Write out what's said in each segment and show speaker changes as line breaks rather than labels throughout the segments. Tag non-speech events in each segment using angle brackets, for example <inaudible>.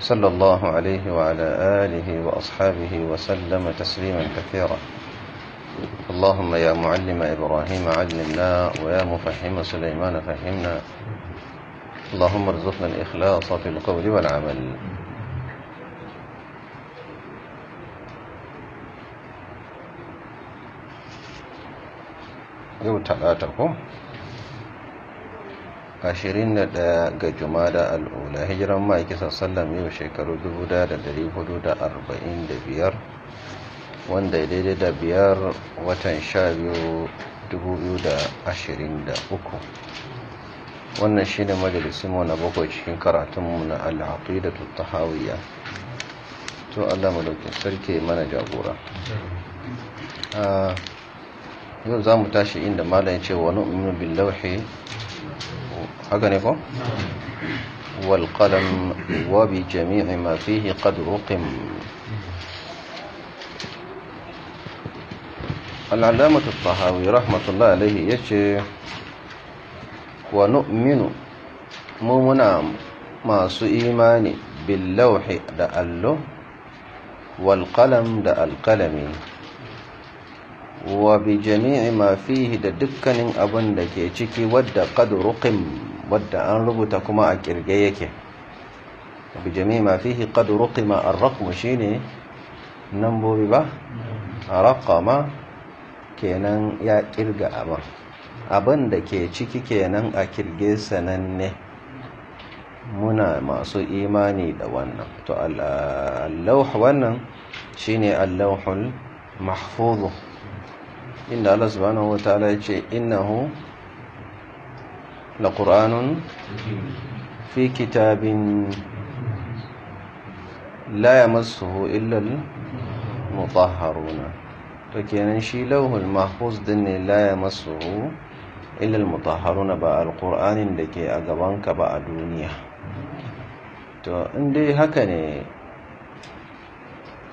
صلى الله عليه وعلى آله وأصحابه وسلم تسليما كثيرا اللهم يا معلم إبراهيم علمنا ويا مفهم سليمان فهمنا اللهم ارزقنا الإخلاص في القول والعمل يوم ثلاثة 21 ga jumada al'ula hijiran maki sassallam yau shekaru 2,445 wanda ya daidai da biyar watan 12,2023 wannan shi ne majalisun na bakwai cikin karatunmu na al'aƙi da tuttahawiyya to allah malaukin sarki mana jagora ah, yau za mu tashi inda malayin ce wani umaru bin lauhe حقني فو والقلم وبجميع ما فيه قد رقم العلامة الطهاوي رحمة الله عليه يشي ونؤمن مؤمنا ما إيماني باللوح دأله والقلم دا القلمي wa bi jami'i ma fihi da dukkanin abin da ke ciki wadda kadurukin wadda an rubuta kuma a kirge yake wa bi jami'i ma fihi a rakmu shi ne nan bobi ba a mm. rakama kenan ya kirga abin abin da ke ciki kenan a kirge sananne muna masu imani da wannan to allauhu wannan shi ne allauhun mahfuzun inda Allah subhanahu ta'ala ya ce innahu laqur'anun fi kitabin la yamassuhu illa al to kenan shi lauhul mahfuz din ne la yamassuhu illa al ba al da ke a gabanka ba a duniya to in dai haka ne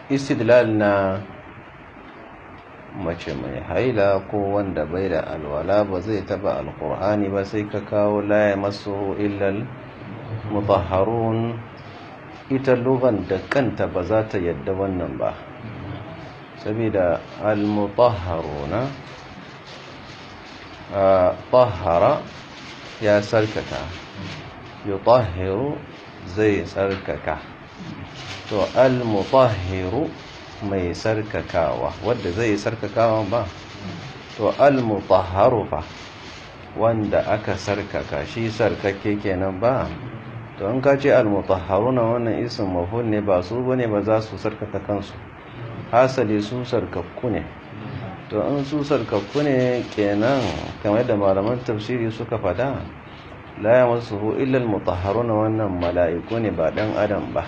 istidlal na mace mai haila ko wanda bai da alwala ba zai taba alkur'ani ba sai ka kawo laye masu illal mutaharun ita lugan da kanta ba za ta yadda wannan ba saboda a tahara ya sarkaka yutahhiru zai sarkaka to almutahhiru mai sarkakawa wadda zai sarkakawa ba to al-mutahharu fa wanda aka sarkaka shi sarkake kenan ba to an ka ce al-mutahharuna wannan isin mafhul ne ba su bane ba za su sarkaka kansu hasali su sarkakku ne to an su sarkakku ne kenan kamar da malaman tafsiri suka fada la yamsuhu illa al-mutahharuna wannan mala'iku ne ba dan adam ba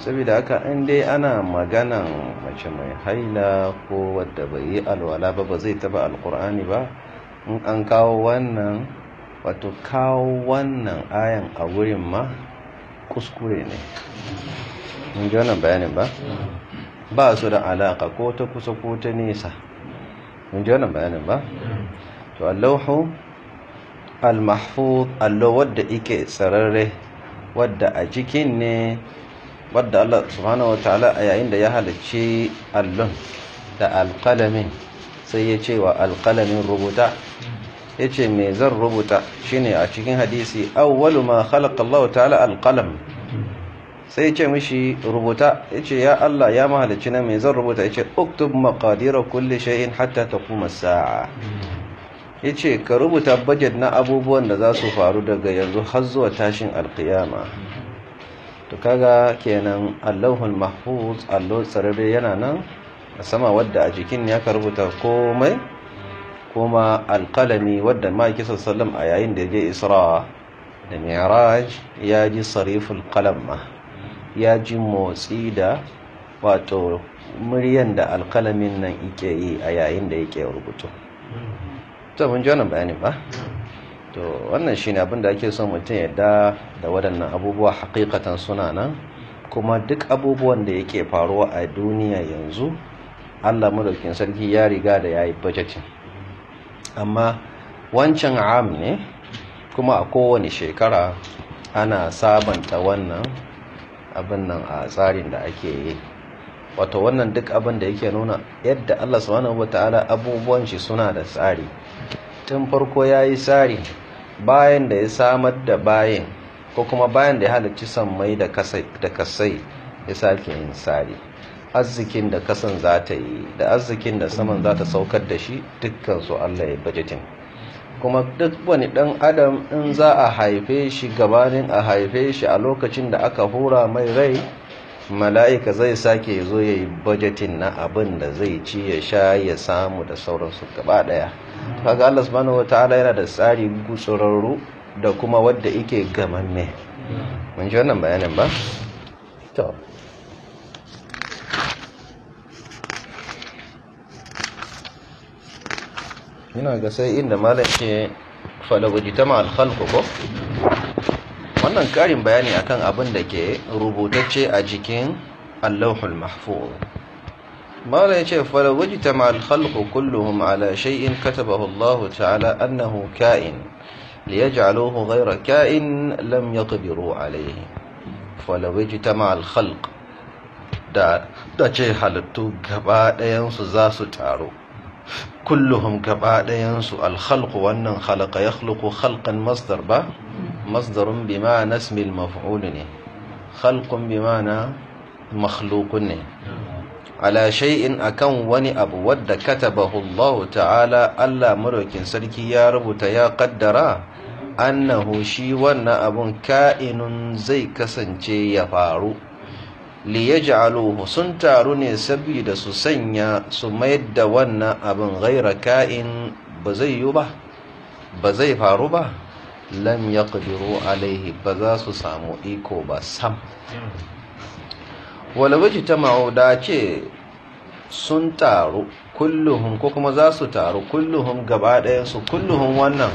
saboda haka in dai ana maganan mace mai haila ko wadda bai yi alwala ba ba zai taba alkur'ani ba in an kawo wannan wato kawo wannan ayan a wurin ma kuskure ne in ji wannan bayanin ba ba su da alaka ko ta kusa ko ta nesa in ji wannan bayanin ba to allahu al-mahfuz allo wadda yake tsararre wadda a cikin ne wadda Allah subhanahu wataala a yayin da ya halicci allon da alƙalamin sai ya ce wa alƙalamin rubuta ya ce me zan rubuta shine a cikin hadisi awwalu ma khalaqa Allah ta'ala alƙalam. sai ya ce mishi rubuta ya ce ya Allah ya mahalicci na me zan rubuta ya ce uktub maqadira kulli shay'in hatta ta kuma saa ya ce ka rubuta bajet na abubuwan da za su faru daga yanzu har zuwa tashin alkiyama. to kaga kenan allahul mahfuz allo tsararre yana nan a sama wadda a jikin ya ka rubuta komai kuma alkalami wadda ma'aikin sallam a yayin da je isra da miraj ya ji sariful kalamma ma ya ji motsi da wato muryan da alkalamin nan ike yi a yayin da ya ke rubutu to mun ji wannan bayanin ba to wannan shi ne abinda ake son mutum yadda da waɗannan abubuwa hakikatan suna nan kuma duk abubuwan da yake faruwa a duniya yanzu allah madaukin sarki ya riga da ya yi budgeting amma wancan am ne kuma a kowane shekara ana sabanta wannan abin nan a tsarin da ake yi wato wannan duk abin da yake nuna yadda allah subhanahu wataala abubuwan shi suna da tsari tun farko ya yi tsari bayan da ya samar da bayan ko kuma bayan da ya halarci sammai da kasai ya sake yin tsari arzikin da kasan za ta yi da arzikin da saman za ta saukar da shi dukkansu allah ya bajetin kuma duk wani dan adam in za a haife shi gabanin a haife shi a lokacin da aka hura mai rai mala'ika zai sake zo ya yi bajetin na abin da zai ci ya sha ya samu da sauransu gaba daya kaga Allah subhanahu wataala yana da tsari gutsurarru da kuma wadda yake gamamme mun ji wannan bayanin ba to ina ga sai inda malam ce falawajitama alkhalqu ko wannan karin bayani akan abin da ke rubutacce a jikin allahul mahfuz mala ya ce falawaji ta ma'alhalku kulluhum ala shay'in katabahu allahu ta'ala annahu ka'in liyaj'aluhu ghayra ka'in lam yaqdiru alayhi falawaji ta ma'alhalku da da ce halittu gaba ɗayansu za su taro kulluhum gaba ɗayansu alkhalqu wannan khalaqa yakhluqu khalqan masdar ba masdarun bi ma'ana ismil ne khalqun bi na makhluqun ne ala shay'in akan wani abu wadda katabahu Allah ta'ala Allah madaukin sarki ya rubuta ya kaddara annahu shi wannan abun ka'inun zai kasance ya faru liyaj'aluhu sun taru ne saboda su sanya su mayar da wannan abin ghaira ka'in ba zai yi ba ba zai faru ba lam yaqdiru alaihi ba za su samu iko ba sam walawaji ta ma'auda ce sun taru kulluhum ko kuma za su taru kulluhum gaba ɗayansu kulluhum wannan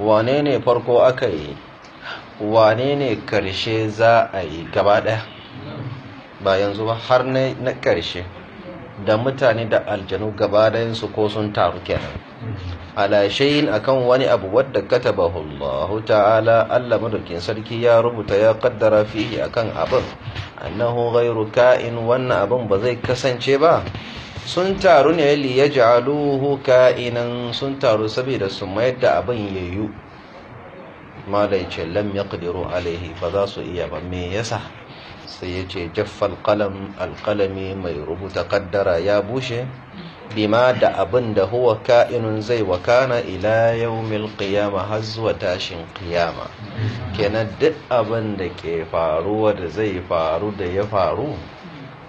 wane ne farko aka yi wane ne karshe za a yi gabaɗaya? ba yanzu ba har na karshe da mutane da aljanu gaba su ko sun taru kenan alashayin akan wani abu wadda kataba Allah ta'ala Allah madaukin sarki ya rubuta ya kaddara fihi akan abin annahu gairu ka'in wannan abin ba zai kasance ba sun taru ne li yaj'aluhu ka'inan sun taru saboda su mayar da abin yayu mala lam ya ƙadiru alaihi ba za su iya ba me yasa sai ya ce jaffal kalam alkalami mai rubuta kaddara ya bushe bima da abin da huwa ka'inun zai wakana ila yaumil kiyama har zuwa tashin kiyama kenan duk abin da ke faruwa da zai faru da ya faru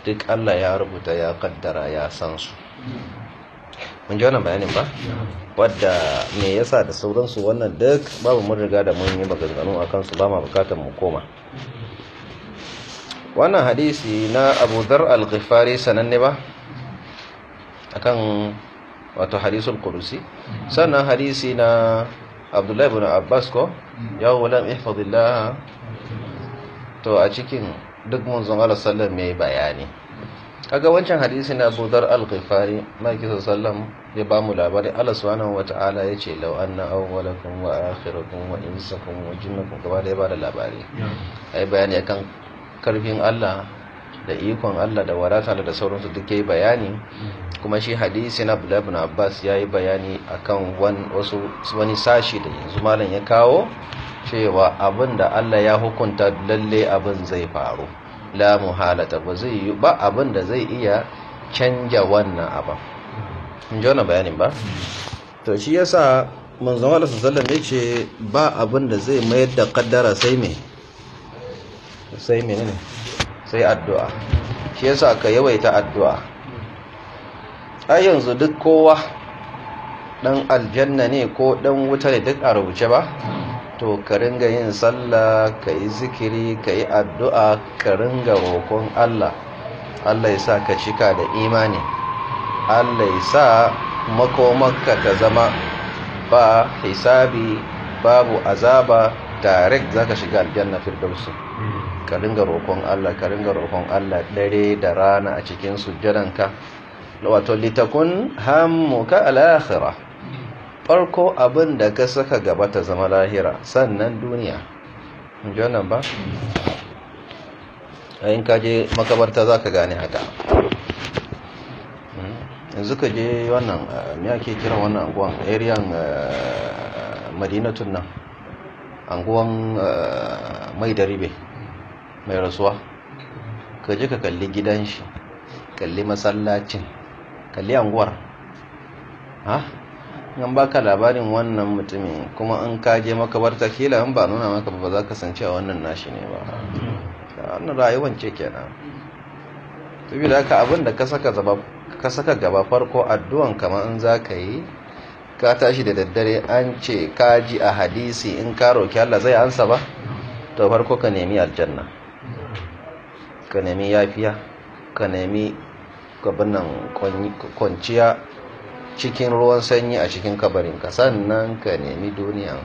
duk Allah ya rubuta ya kaddara ya san su mun ji wannan bayanin ba wadda me yasa da sauransu wannan duk babu mun riga da mun yi maganganu a kansu ba ma bukatar mu koma wannan hadisi na abu zar al-ghifari sananne ba akan wato hadisul qudusi sannan hadisi na abdullahi ibn abbas ko ya wulan ihfazillah to a cikin duk zan Allah sallallahu alaihi wasallam mai bayani kaga wancan hadisi na abu zar al-ghifari maki sallallahu ya ba mu labari Allah subhanahu wata'ala ya ce law anna awwalakum wa akhirakum wa insakum wa jinnakum gaba da ya ba da labari ai bayani akan karfin Allah da ikon Allah da warata da sauransu su duke bayani kuma shi hadisi na Abdullah ibn Abbas yayi bayani akan wasu wani sashi da yanzu malam ya kawo cewa abin da Allah ya hukunta lalle abin zai faru la muhalata ba zai yi ba abin da zai iya canja wannan abin in ji wannan bayanin ba to shi yasa manzon Allah sallallahu alaihi ce ba abin da zai mayar da kaddara sai me sai ne sai addu'a shi yasa ka yawaita addu'a ai yanzu duk kowa dan aljanna ne ko dan wuta ne duk a rubuce ba to ka ringa yin sallah ka yi zikiri ka yi addu'a ka ringa roƙon Allah Allah ya sa ka cika da imani Allah ya sa makomarka ta zama ba hisabi babu azaba direct zaka shiga aljanna firdausi hmm. ka ringa roƙon Allah ka ringa roƙon Allah dare da rana a cikin sujjadanka wato litakun hammuka al-akhirah farko abin da ka saka gaba ta zama lahira sannan duniya in ji wannan ba hmm. ayin kaje makabarta zaka gane haka yanzu ka je wannan eh, mai ake kiran wannan anguwan area eh, madinatun nan anguwan eh, mai da mai rasuwa ka je ka kalli gidan shi kalli masallacin kalli anguwar ha ba baka labarin wannan mutumin kuma an kaje makabarta kila yan ba nuna maka ba za ka a wannan nashi ne ba wannan rayuwan ce kenan tabi da haka abin da ka saka zabab ka saka gaba farko addu'an kamar in za ka yi ka tashi da daddare an ce ka ji a hadisi in ka roki Allah zai ansa ba to farko ka nemi aljanna ka nemi yafiya ka nemi gabanan kwanciya cikin ruwan sanyi a cikin kabarinka sannan ka nemi duniya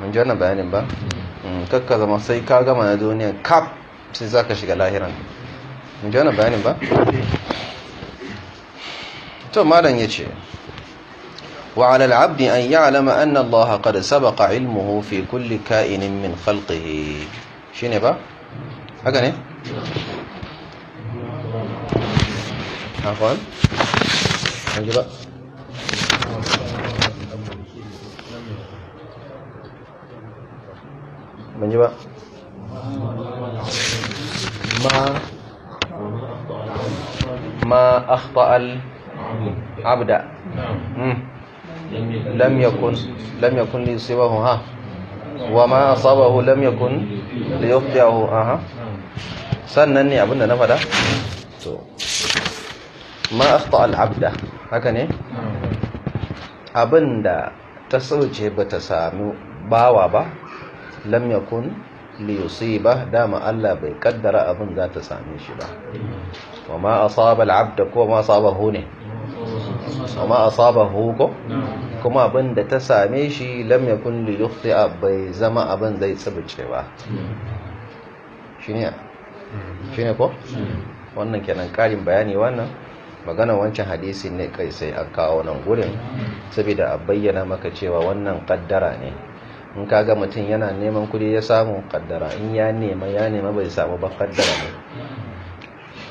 mun ji wannan bayanin ba mm, kakka zama sai ka gama na duniya kap sai za ka shiga lahiran mun ji wannan bayanin ba to malam yace wa 'ala al-'abdi an ya'lama anna Allah qad sabaqa 'ilmuhu fi kulli ka'inin min khalqihi shine ba haka ne عفوا اجيب من جبا ما ما أخطأ ال abda hmm. lam yakun li yusibahu ha wa ma asabahu lam yakun li yukhtiahu aha sannan ne abinda na fada to ma akhta al abda haka ne abinda ta sauce bata samu bawa ba lam yakun li yusiba dama Allah bai kaddara abin za ta same shi ba wa ma asaba al abda ko ma asabahu ne amma asabahu hukum? kuma abin da ta same shi lam yakun li yukhti'a bai zama abin zai tsibice ba shine ne, ko wannan kenan karin bayani wannan magana wancan hadisi ne kai sai an kawo nan gurin saboda a bayyana maka cewa wannan kaddara ne in kaga mutum yana neman kudi ya samu kaddara in ya nema ya nema bai samu ba kaddara ne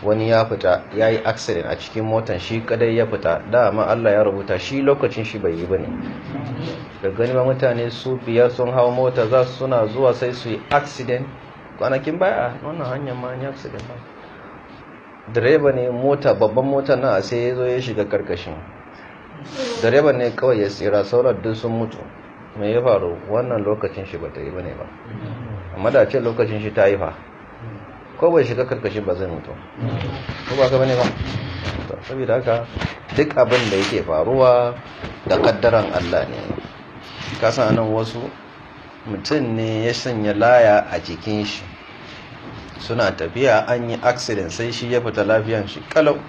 wani ya fita ya yi aksiden a cikin motan shi kadai ya fita dama Allah ya rubuta shi lokacin shi bai yi ba ne da gani ba mutane su biyar sun hau mota za su suna zuwa sai su yi aksiden? kwanakin baya wannan hanyar ma an yi ba direba ne mota babban mota na sai ya zo ya shiga karkashin direba ne kawai ya tsira saurar duk sun mutu mai ya faru wannan lokacin shi ba ta yi ba ne ba amma da ce lokacin shi ta yi fa ko bai shiga karkashin ba zai mutu ko ba ka bane ba saboda haka duk abin da yake faruwa da kaddaran Allah ne ka kasan anan wasu mutum ne ya sanya laya a jikin shi suna tafiya an yi accident sai shi ya fita lafiyan shi kalau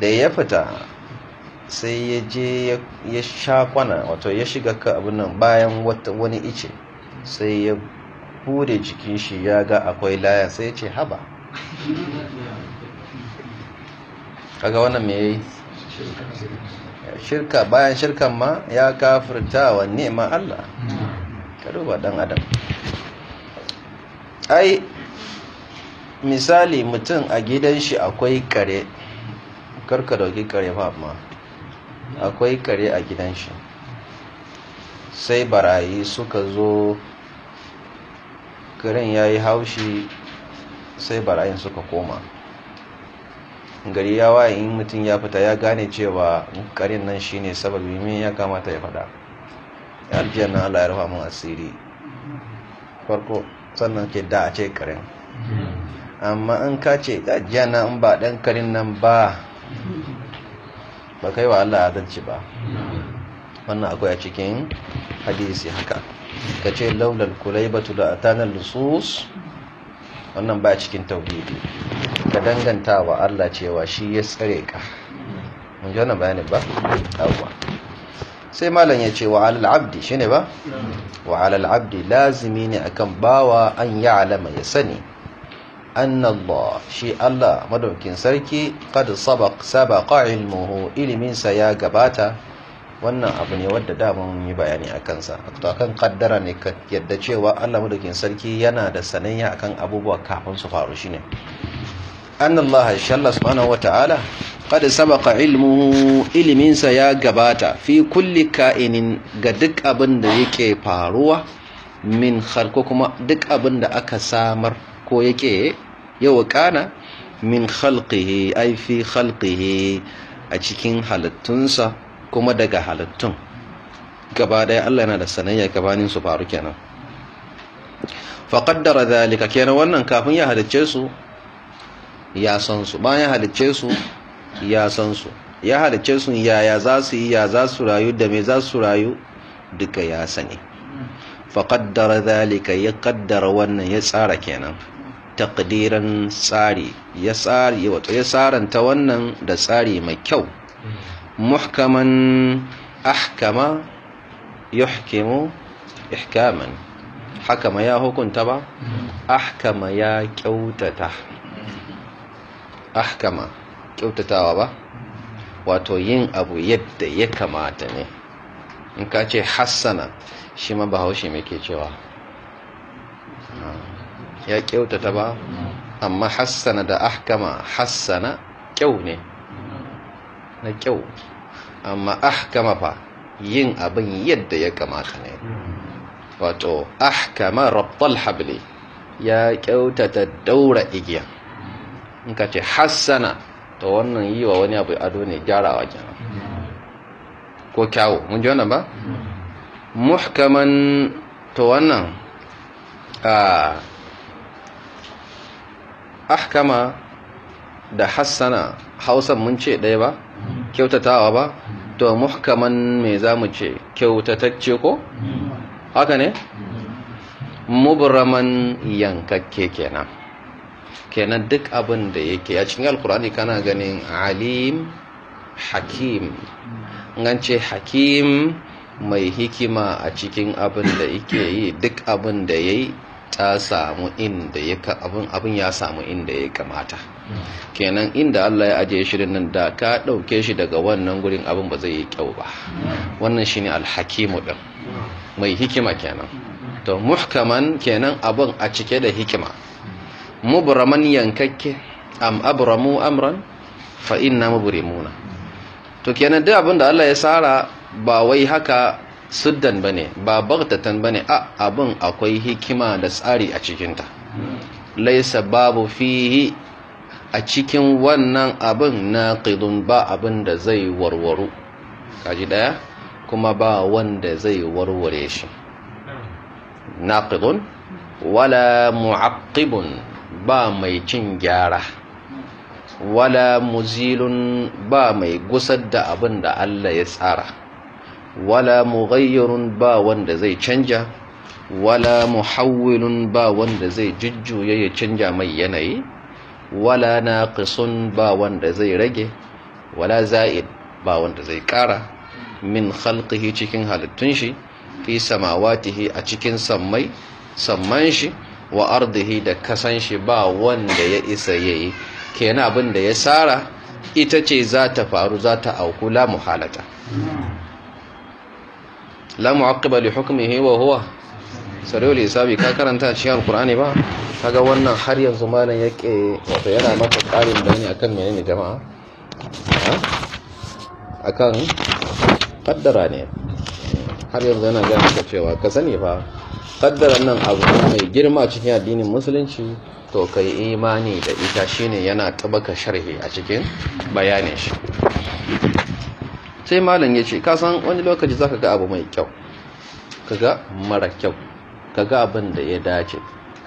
da ya fita sai ya je ya sha kwana wato ya shiga ka abin nan bayan wani ice sai ya hure jikin shi ya ga akwai laya sai ce haba kaga wannan me yayi shirka bayan shirkan ma ya kafirta wa ni'ma Allah ka duba dan adam ai misali mutum a gidan shi akwai kare karka dauki kare fa ma akwai kare a gidan shi sai barayi suka zo karen ya yi haushi sai barayin suka koma gari ya waye in mutum ya fita ya gane cewa karin nan shine sababi min ya kamata ya fada aljiyar na Allah ya rufa mun asiri farko sannan ke da a ce karin amma in ka ce na in ba dan karin nan ba ba kai wa Allah adalci ba wannan akwai a cikin hadisi haka ka ce laulal kulaibatu da atanar lusus wannan ba cikin tauhidi ka danganta wa Allah cewa shi ya tsare ka mun ji wannan bayanin ba yawa sai malam ya ce wa alal abdi shine ba wa alal abdi lazimi ne akan bawa an alama ya sani An Allah shi Allah madaukin sarki kada sabaq ilmuhu iliminsa ya gabata wannan abu ne wadda mun yi bayani a kansa to akan kaddara ne ka yadda cewa Allah madaukin sarki yana da sanayya akan abubuwa kafin su faru shine annallaha shalla subhanahu wataala qad sabaqa ilmuhu sa ya gabata fi kulli ka'inin ga duk abin da yake faruwa min khalqu kuma duk abin da aka samar ko yake yau kana min khalqihi ay fi khalqihi a cikin halittunsa kuma daga halittun gaba daya Allah yana da sanayya gabanin su faru kenan qaddara zalika kenan wannan kafin ya halicce su ya san su bayan halicce su ya san su ya halicce su yaya za su yi ya za su rayu da me za su rayu duka ya sani qaddara zalika ya qaddara wannan ya tsara kenan taqdiran tsari ya tsari wato ya saranta wannan da tsari mai kyau محكما أحكم يحكم إحكاما حكم يا هو كنت با أحكم يا كوتتا أحكم كوتتا با wato yin abu yadda ya kamata ne in ka ce hassana shi ma bahaushe mai ke cewa ya kyautata ba amma hassana da ahkama hassana kyau ne na kyau amma ahkama fa yin abin yadda ya kamata ne wato ahkama rabbal habli ya kyautata daura igiya in ka ce hassana to wannan yi wa wani abu ado ne gyarawa kenan ko kyawo mun ji wannan ba muhkaman to wannan kama da hassana hausan mun ce ɗaya ba kyautatawa ba to muhkaman me za mu ce kyautatacce ko haka ne mubraman yankakke kenan kenan duk abin da yake a cikin alkurani kana ganin alim hakim ngance hakim mai hikima a cikin abin da yake yi duk abin da ya yi ta ya samu inda ya kamata kenan inda Allah ya ajiye shirin nan da ka ɗauke shi daga wannan gurin abin ba zai yi kyau ba wannan shi ne alhakimu ɗin mai hikima kenan to muhkaman kenan abin a cike da hikima mubraman yankakke am aburamu amran fa inna mubrimuna to kenan duk abin da Allah ya tsara ba wai haka suddan ba ne ba bagtatan ba ne a abin akwai hikima da tsari a cikinta laisa babu fihi a cikin wannan abin na ƙidun ba abin da zai warwaru kaji ɗaya kuma ba wanda zai warware shi na ƙidun wala mu'aqibun ba mai cin gyara wala muzilun ba mai gusar da abin da Allah ya tsara wala mughayyirun ba wanda zai canja wala muhawwilun ba wanda zai jujjuye ya canja mai yanayi wala na naqisun ba wanda zai rage wala za'id ba wanda zai kara min khalqihi cikin halittun shi fi samawatihi a cikin sammai samman shi wa ardihi da kasan shi ba wanda ya isa yayi kenan abin da ya sara ita ce za ta faru za ta auku la muhalata la mu'aqqiba li hukmihi wa huwa sarewar hisabi ka karanta a cikin alkur'ani ba ga wannan har yanzu ya yake wata yana maka ƙarin bayani akan menene jama'a akan kaddara ne har yanzu yana gani ka cewa ka sani ba kaddara nan abu mai girma cikin addinin musulunci to kai imani da ita shine yana tabaka sharhi a cikin bayanin shi sai malam ya ce kasan wani lokaci zaka ga abu mai kyau Ka ga mara kyau ka ga abin da ya dace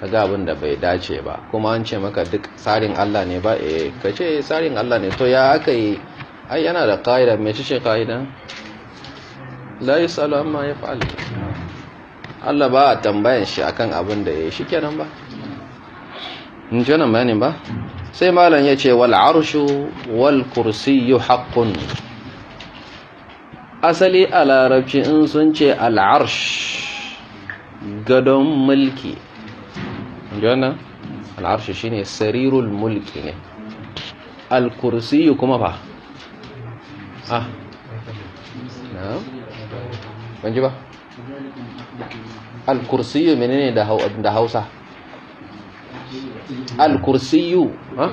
kaga abin da bai dace ba kuma an ce maka duk tsarin Allah ne ba eh ka ce tsarin Allah ne to ya aka yi ai yana da ƙa'ida mai ce ƙa'ida la yusalu amma yaf'al Allah ba tambayan shi akan abin da yayi shikenan ba in ji wannan bayanin ba sai malam ya ce wal arshu wal kursiyyu haqqun asali a larabci in sun ce al arsh gadon mulki jona al'arshi shine sarirul mulki ne al-kursiyu kuma ba? ah na ban ba al-kursiyu menene da Hausa al-kursiyu ha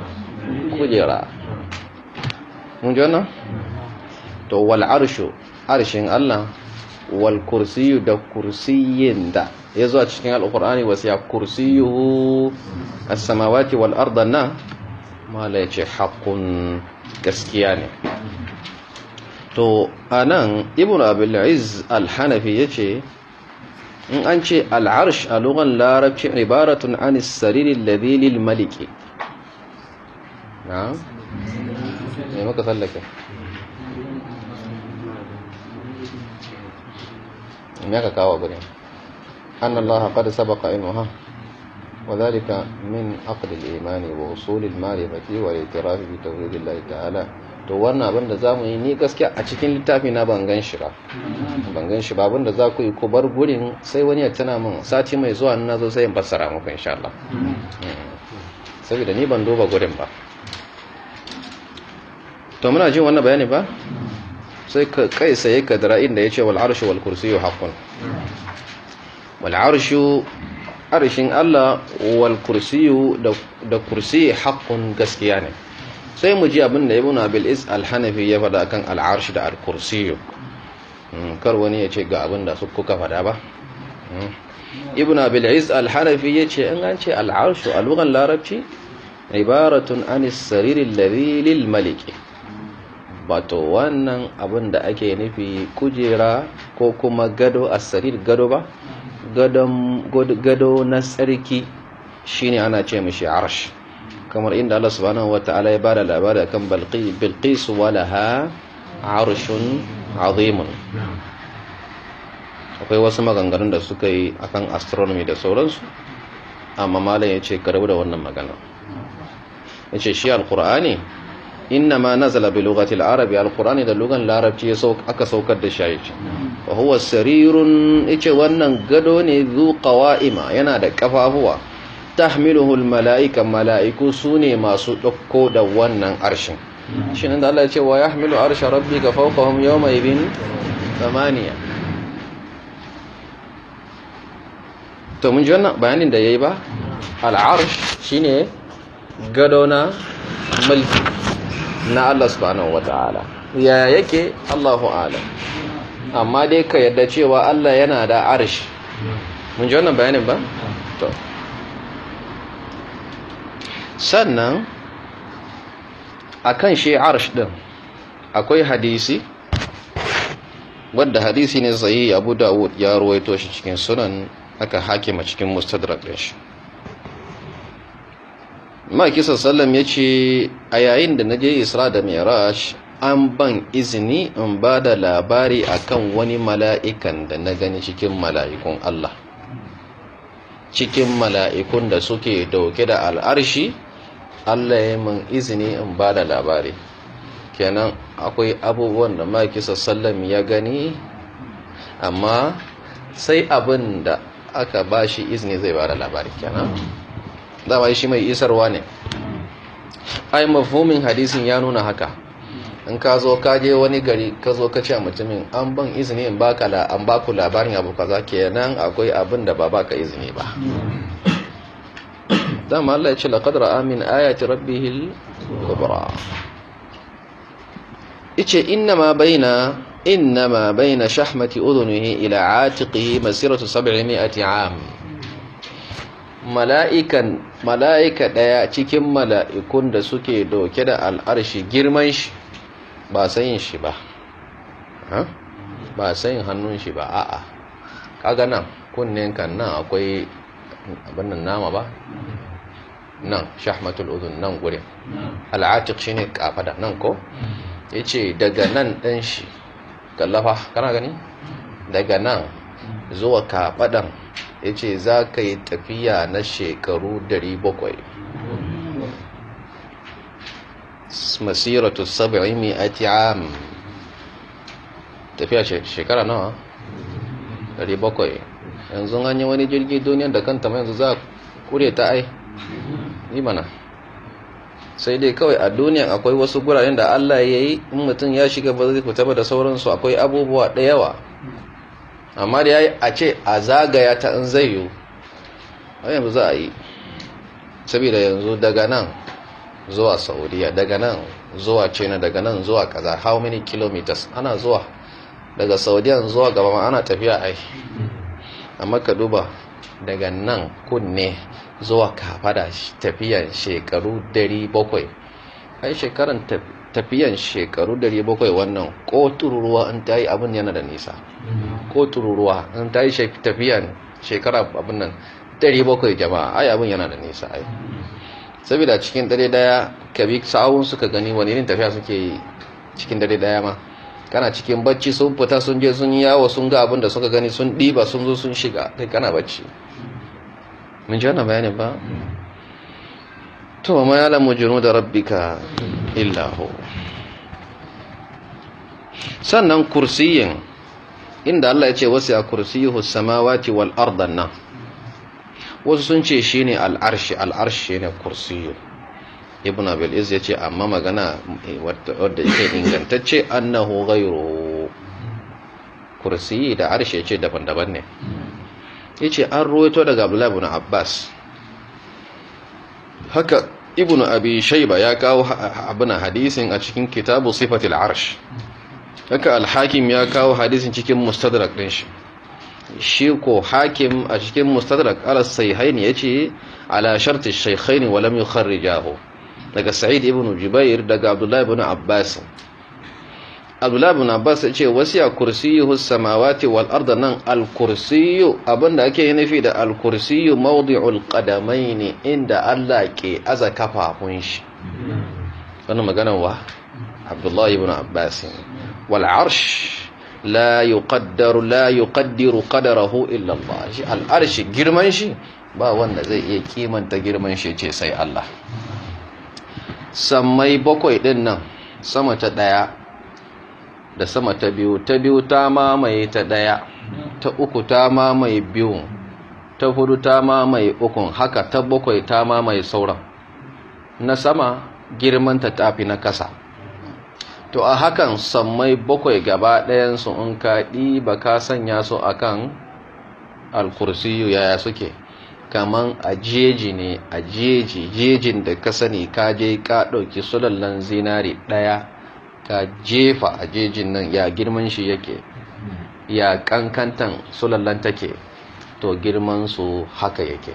kujera mun ji wannan to wal arshu arshin Allah wal kursiyu da kursiyin da ya zo a cikin alkur'ani wasu ya kursiyu a samawati wal arda nan mala ya ce haƙun gaskiya ne to a nan ibn abdulaziz alhanafi ya ce in an ce al'arsh a lugan larabci ibaratun an sariri ladilil maliki na? ne maka tsallake me aka kawo gurin anna allaha qad sabaqa ilmuha wa dhalika min aqd al-iman wa usul al-ma'rifati wa al-i'tiraf bi tawhid to wannan abin da zamu yi ni gaskiya a cikin littafi na ban gan shi ba ban gan shi ba abin da za ku yi ko bar gurin sai wani ya tana min sati mai zuwa na zo sai in fassara muku insha Allah hmm. saboda ni ban duba gurin ba to muna jin wannan bayani ba sai kai sai ka dira inda yace wal arshu wal kursiyyu haqqun wal arshu arshin Allah wal da kursi haqqun gaskiya ne sai mu ji abin da ibn abil is al-hanafi ya fada kan al da al hmm, kar wani ya ce ga abin da su kuka fada ba hmm. ibn abil is al-hanafi ya ce in an ce al-arsh a lugan larabci ibaratun anis sariri alladhi lil maliki wato wannan abin da ake nufi kujera ko kuma gado a sarir gado ba gado na tsarki shine ana ce mishi arsh kamar inda Allah subhanahu wata'ala ya bada labari kan bilqis walaha arshun azimun akwai wasu maganganun da suka yi akan astronomi da sauransu amma malam ya ce karbi da wannan magana ya ce shi alkur'ani inna ma nazala bi lughati al-arabi al-qur'ani da lugan larabci ya sauka aka saukar da shi wa huwa sarirun yace wannan gado ne zu qawaima yana da kafafuwa tahmiluhu al-mala'ika mala'iku sune masu dauko da wannan arshin shin da Allah ya ce wa yahmilu arsha rabbika fawqahum yawma idhin thamaniya to mun ji wannan bayanin da yayi ba al-arsh shine gado na mulki na Allah subhanahu wataala ya yake Allahu alam amma dai ka yadda cewa Allah yana da arshi mun ji wannan bayanin ba to sannan akan shi arsh din akwai hadisi wadda hadisi ne zai abu dawud ya ruwaito shi cikin sunan aka hakima cikin mustadrak din shi maki sallam ya ce a yayin da na je isra da mirage an ban izini in ba da labari akan wani mala'ikan da na gani cikin mala'ikun Allah cikin mala'ikun da suke dauke da al'arshi Allah ya min izini in ba da labari kenan akwai abubuwan da maki sallam ya gani amma sai abin da aka ba shi izini zai ba da labari kenan dama shi mai isarwa ne ai mafumin hadisin ya nuna haka in ka zo ka je wani gari ka zo ka ce mutumin an ban izini in baka la an baku labarin abu kaza kenan akwai abin da ba baka izini ba dama Allah ya ce laqad ra'a min ayati rabbihil kubra ice innama baina innama baina shahmati udhunihi ila atiqihi masiratu 700 am mala'ikan mala'ika ɗaya cikin mala'ikun da suke doke da al'arshi girman shi ba sayin shi ba ba sayin hannun shi ba a'a kaga nan kunnen kan nan akwai abinnan nama ba nan shahmatul uzun nan gurin al'atiq shine kafada nan ko yace daga nan ɗan shi kallafa kana gani daga nan zuwa kafadan ya ce za ka yi tafiya na shekaru 700 masiratu saba'i mai ati am tafiya shekara nawa 700 yanzu an yi wani jirgin duniya da kanta mai yanzu za a kure ta ai yi mana sai dai kawai a duniya akwai wasu guraren da allah ya yi in mutum ya shiga ba zai fita ba da sauransu akwai abubuwa da yawa amma da ya yi a ce a zagaya ta in zai yiwu a yanzu za a yi saboda yanzu daga nan zuwa saudiya daga nan zuwa china daga nan zuwa kaza how many kilometers ana zuwa daga saudiya zuwa gaba ma ana tafiya ai amma ka duba daga nan kunne zuwa kafada tafiyan shekaru 700 ai shekaran tafiya tafiyan shekaru 700 wannan ko tururuwa in ta yi abin yana da nisa ko tururuwa in ta yi tafiyan shekara abin nan 700 jama'a ai abin yana da nisa ai saboda cikin dare daya ka bi sawun suka gani wani irin tafiya suke yi cikin dare daya ma kana cikin bacci sun fita sun je sun yi yawo sun ga abin da suka gani sun ɗiba sun zo sun shiga kai kana bacci mun ji wannan bayanin ba to ma ya ya'lamu junuda rabbika illa hu sannan kursiyin inda Allah ya ce wasu a kursiyuhu samawati wal ardan nan wasu sun ce shine al'arshi al'arshi ne kursiyu ibn abil iz ya ce amma magana eh, wadda ke ingantacce annahu ghayru kursiyi da arshi ce daban-daban ne yace an ruwaito daga Abdullah ibn Abbas haka ibn abi shaiba ya kawo abuna hadisin a cikin kitabu sifatil arsh haka al-hakim ya kawo hadisin cikin mustadrak din shi shi ko hakim a cikin mustadrak ala sayhain yace ala sharti shaykhain wa lam yukharrijahu daga sa'id ibn jubair daga abdullah ibn abbas abdullahi bin abbas ya ce wasiya kursiyuhu samawati wal arda nan al kursiyu abinda ake nufi da al kursiyu mawdi'ul ne inda Allah ke aza kafafun shi wannan magana wa abdullahi bin abbas wal arsh la yuqaddaru la yuqaddiru qadarahu illa Allah al arsh girman shi ba wanda zai iya kimanta girman shi ce sai Allah sammai bakwai din nan sama ta daya da sama ta biyu ta biyu ta mamaye ta ɗaya ta uku ta mamaye biyu ta hudu ta mamaye ukun haka ta bakwai ta mamaye sauran na sama girmanta ta fi na kasa to a hakan sammai bakwai gaba ɗayansu in ka ɗiba ka sanya su akan alkursiyu yaya suke kaman a jeji ne a jeji jejin da ka sani ka je ka ɗauki sulallan zinari ɗaya ka jefa a jejin nan ya girman shi yake ya kankantan sulallan take to girman su haka yake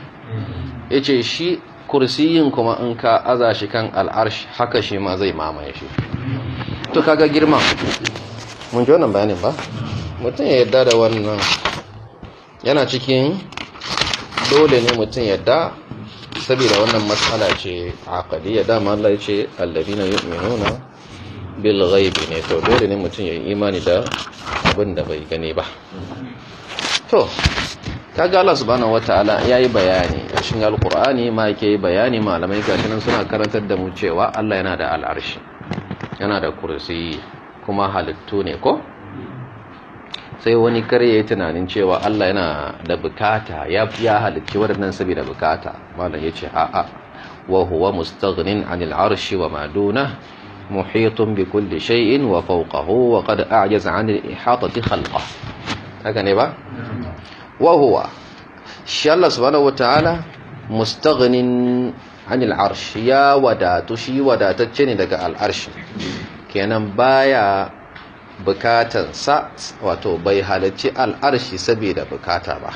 yace shi kursiyin kuma in ka aza shi kan al'arshi haka shi ma zai mamaye shi to kaga girman mun ji wannan bayanin ba mutum ya yadda da wannan yana cikin dole ne mutum ya yarda saboda wannan matsala ce ya dama Allah ya ce yi yu'minuna bil ghaibi ne to dole ne mutum ya yi imani da abin da bai gani ba to kaga Allah subhanahu wataala yayi bayani a cikin alqur'ani ma yake bayani malamai gashi nan suna karantar da mu cewa Allah yana da al'arshi yana da kursi kuma halittu ne ko sai wani kare yayi tunanin cewa Allah yana da bukata ya ya halicci wadannan saboda bukata malamai yace a a wa huwa mustaghnin 'anil arshi wa ma dunahu محيط بكل شيء وفوقه وقد أعجز عن الإحاطة خلقه haka ne ba wa huwa shi Allah subhanahu wataala mustaghnin anil arsh ya wadatu shi wadatacce ne daga al'arshi kenan baya bukatan sa wato bai halarci al'arshi saboda bukata ba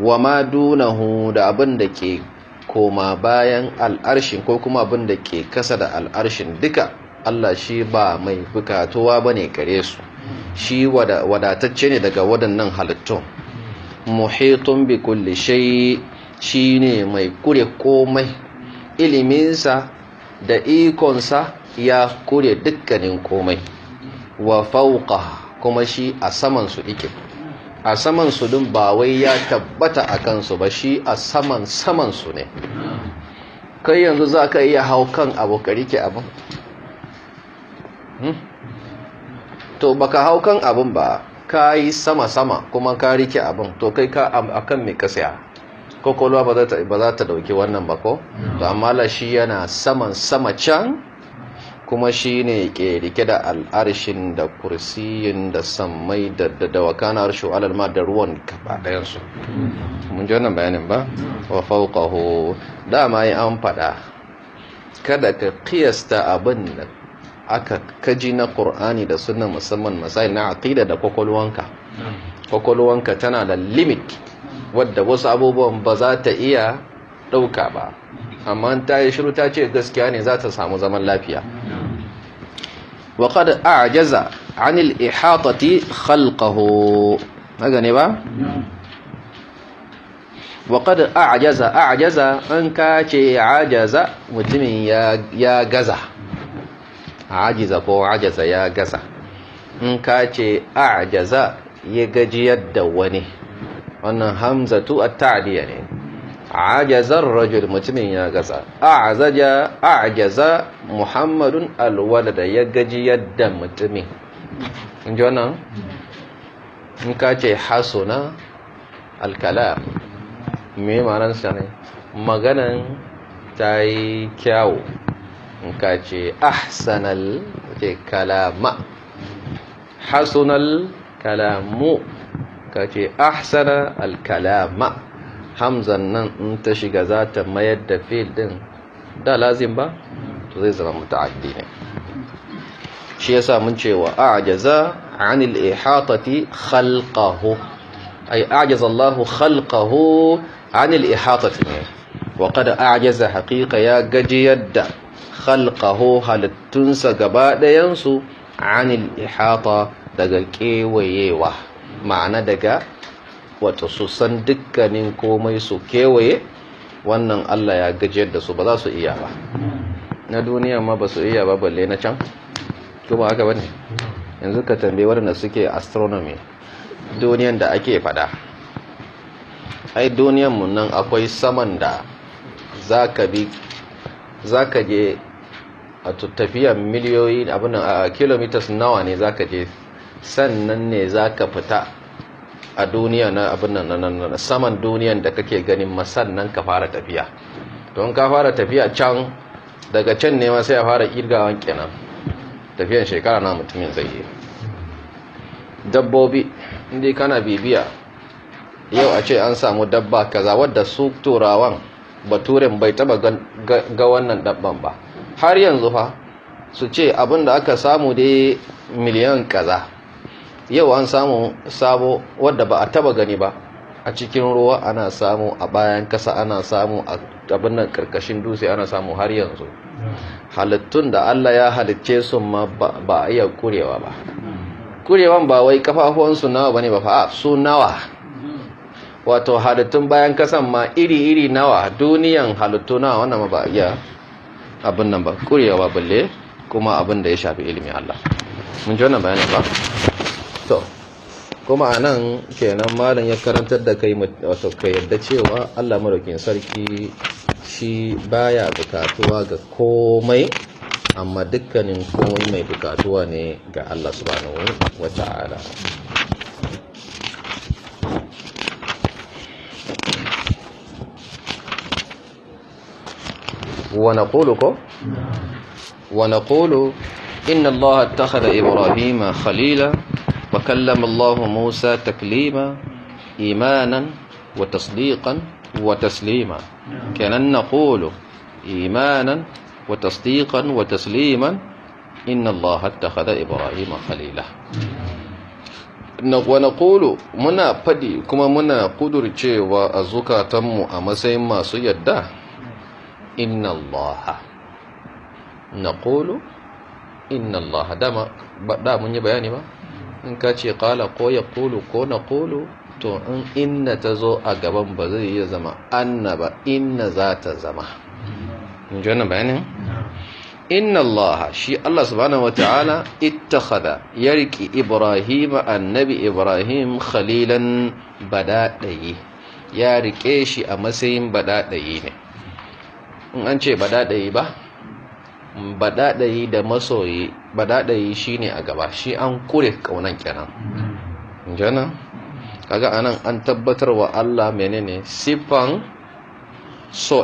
wa ma dunahu da abin da ke koma bayan al'arshin ko kuma abin da ke kasa da al'arshin duka Allah shi ba mai bukatuwa ba ne gare su shi wadatacce ne daga waɗannan halittun muhitun bi kulli shai shi ne mai kure komai iliminsa da ikonsa ya kure dukkanin komai wa fauka kuma shi a saman su ike a saman su din ba wai ya tabbata a kansu ba shi a saman saman su ne kai yanzu za ka iya hau kan abu ka rike abin hmm? to baka hau kan abin ba ka yi sama-sama kuma ka rike abin to kai ka kan mai kasaya ba za ta dauki wannan ba ko to amma shi yana saman sama can kuma shi ne ke rike da al'arshin da kursiyin da samai da dawakana arshu alalma da ruwan gaba mun ji wannan bayanin ba wa fauqahu dama yi an faɗa kada ka kiyasta abin da aka kaji na ƙur'ani da sunan musamman masai na aqida da kwakwalwanka kwakwalwanka tana da limit wadda wasu abubuwan ba za ta iya ɗauka ba amma ta yi shiru ta ce gaskiya ne za ta samu zaman lafiya wa a a'jaza 'an al-ihatati khalqahu haka ne ba wa qad a a'jaza an ka ce ajaza mutumin ya gaza A ajiza ko a ajaza ya gaza in ka ce ajaza ya gajiyar da wani wannan hamzatu a ta'adiyya ne ajazar rajul mutumin ya gaza a'azaja ajaza muhammadun da ya gaji yadda mutumin ji wannan in ka ce hasuna alkala mai maransa sani. maganan ta yi kyawo in ka ce ahsanal ce kalama hasunal kalamu ka ce ahsana alkalama hamzan nan in ta shiga za ta mayar da fil din da lazim ba to zai zama muta'addi ne shi yasa mun cewa a'jaza 'anil ihatati khalqahu ay a'jaza Allahu khalqahu 'anil ihatati wa qad a'jaza haqiqa ya gaji yadda khalqahu halittunsa gaba ɗayansu 'anil ihata daga kewayewa ma'ana daga wato su san dukkanin komai su kewaye wannan Allah ya gajiyar da su ba za su iya ba na duniya ma ba su iya ba balle na can kuma haka bane yanzu ka tambaye waɗanda suke astronomy duniyan da ake fada ai duniyan mu nan akwai saman da zaka bi zaka je a tafiya miliyoyi abin a kilometers nawa ne zaka je sannan ne zaka fita a duniya na abin nan na saman duniyan da kake ganin nan ka fara tafiya don ka fara tafiya can daga can ne ma sai a fara irgawan kenan tafiyan shekara na mutumin zai yi dabbobi inda kana bibiya yau a ce an samu dabba kaza wadda su turawan baturen bai taba ga wannan dabban ba har yanzu fa su ce abin da aka samu dai miliyan kaza yau an samu sabo wadda ba a taba gani ba a cikin ruwa ana samu a bayan kasa ana samu a abin nan karkashin dutse ana samu har yanzu halittun da Allah ya halicce su ma ba a iya kurewa ba kurewan ba wai kafafuwansu nawa ba ne ba fa su nawa wato halittun bayan kasan ma iri-iri nawa duniyan halittu nawa wannan ba iya abin nan ba kurewa balle kuma abin da ya shafi ilimin Allah mun ji wannan bayanin ba to kuma a nan kenan malam ya karantar da kai wato ka yadda cewa Allah maraukin sarki shi baya bukatuwa ga komai amma dukkanin komai mai bukatuwa ne ga Allah subhanahu wata'ala wa naqulu ko wa naqulu inna Allah Ibrahima khalila وكلم الله موسى تكليما إيمانا وتصديقا وتسليما كان نقول إيمانا وتصديقا وتسليما إن الله اتخذ إبراهيم خليلا ونقول منا فدي كما منا قدر cewa وأزوكا تم a ما masu إن الله نقول إن الله دام دام ba da in ka ce kala ko ya kulu ko na kulu to in inna ta zo a gaban ba zai iya zama anna ba inna za ta zama in ji wannan bayanin inna Allah shi Allah subhanahu wata'ala ittakhadha ya riki Ibrahim annabi Ibrahim khalilan badadayi ya riƙe shi a matsayin badadayi ne in an ce badadayi ba baɗaɗayi da masoyi baɗaɗayi shi ne a gaba shi an kure ƙaunan kenan jana kaga anan an tabbatar wa Allah menene siffan so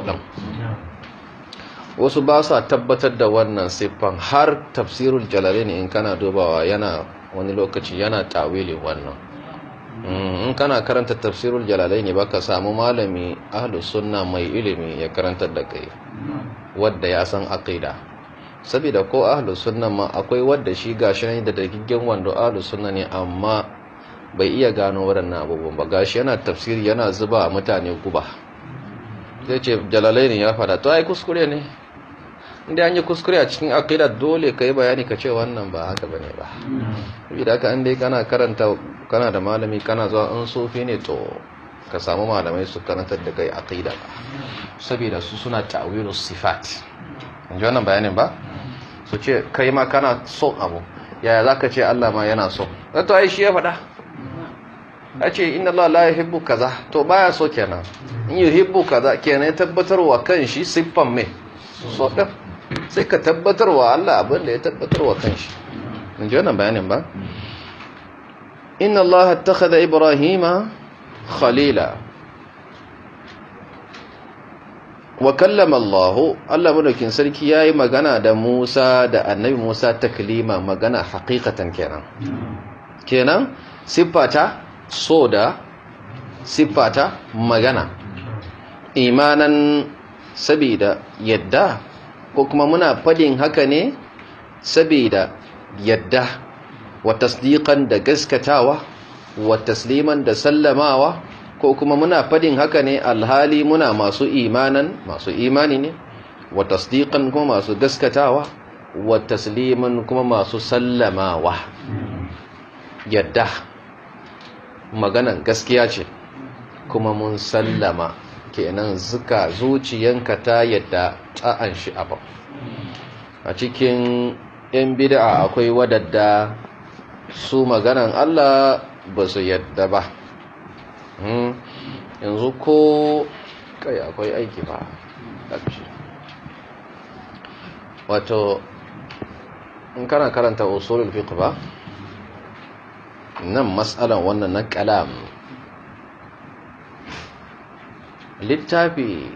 wasu ba sa tabbatar da wannan siffan har tafsirul jalare ne in kana dubawa yana wani lokaci yana tawili wannan mm, in kana karanta tafsirul jalale ne baka samu malami ahlus sunna mai ilimi ya karantar da kai wadda ya san aqida saboda ko ahlus sunna ma akwai wadda shi gashi da dagiggen wando ahlus sunna ne amma bai iya gano waɗannan abubuwan ba gashi yana tafsiri yana zuba mutane guba zai ce jalalaini ya fada to ai kuskure ne inda an yi kuskure a cikin aqida dole kai bayani ka ce wannan ba haka bane ba saboda haka an dai kana karanta kana da malami kana zuwa an sofi ne to ka samu malamai su karantar da kai aqida saboda su suna ta'wilus sifat ji wannan bayanin ba su ce kai ma kana son abu yaya za ka ce Allah ma yana so zato eh, ai shi ya faɗa a ce inda Allah la ya yuhibbu kaza to baya so kenan in yuhibbu kaza kenan ya tabbatarwa kan shi siffan mai. so ɗan sai ka tabbatarwa Allah abin da ya tabbatarwa kan shi In ji wannan bayanin ba inna Allah ittakhadha ibrahima khalila wa kallama Allah Allah madaukin sarki yayi magana da Musa da Annabi Musa taklima magana haqiqatan kenan kenan sifata so da siffata magana imanan sabida yadda ko kuma muna fadin haka ne sabida yadda wa tasdiqan da gaskatawa wa tasliman da sallamawa ko kuma muna fadin haka ne alhali muna masu imanan masu imani ne wa tasdiqan kuma masu gaskatawa wa tasliman kuma masu sallamawa yadda maganan gaskiya ce kuma mun sallama kenan zuka zuciyanka ta yadda ta anshi abu a cikin yan bid'a akwai wadadda su maganan Allah ba su yadda ba Hmm. yanzu ko kai akwai aiki ba ƙarshe wato in kana karanta usulul fiqh ba nan matsalan wannan na kalam littafi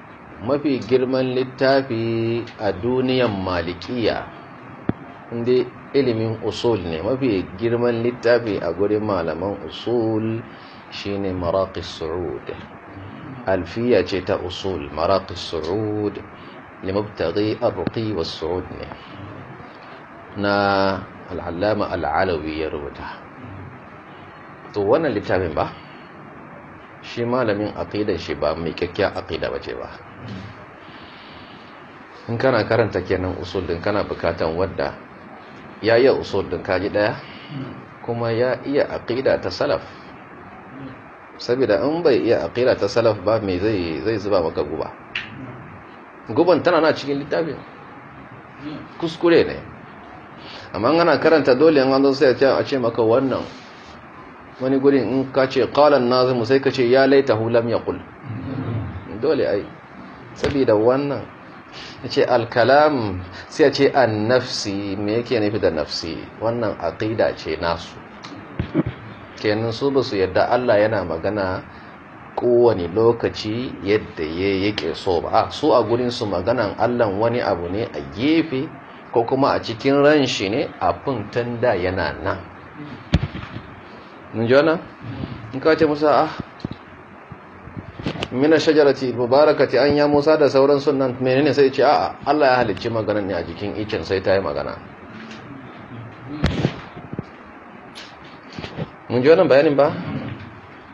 mafi girman littafi a duniyan malikiya inda ilimin usul ne mafi girman littafi a gurin malaman usul shine maraqis su'ud alfiya ce ta usul maraqis su'ud limubtaghi arqi was su'ud ne na al'allama al'alawi ya rubuta to wannan littafin ba shi malamin aqidan shi ba mai kyakkyawan aqida bace ba in kana karanta kenan usul din kana bukatan wadda ya yi usul din kaji daya kuma ya iya aqida ta salaf saboda in bai iya akira ta salaf ba me zai zuba maka guba guban tana na cikin littafin kuskure ne amma ana karanta dole an zo sai a ce maka wannan wani guri in ka ce qala nazim sai ka ce ya laitahu lam yaqul dole ai saboda wannan yace al-kalam sai ya ce an-nafsi me yake nufi da nafsi wannan aqida ce nasu kenan su ba su yadda Allah yana magana kowane lokaci yadda ya yake so ba su a gurinsu maganan Allah wani abu ne a gefe ko kuma a cikin ran shi ne a tun da yana nan mun ji in ka ce musa ah mina shajarati mubarakati an ya musa da sauran sunan menene sai ce a'a Allah ya halicci maganan ne a jikin icin sai ta yi magana mun ji wannan bayanin ba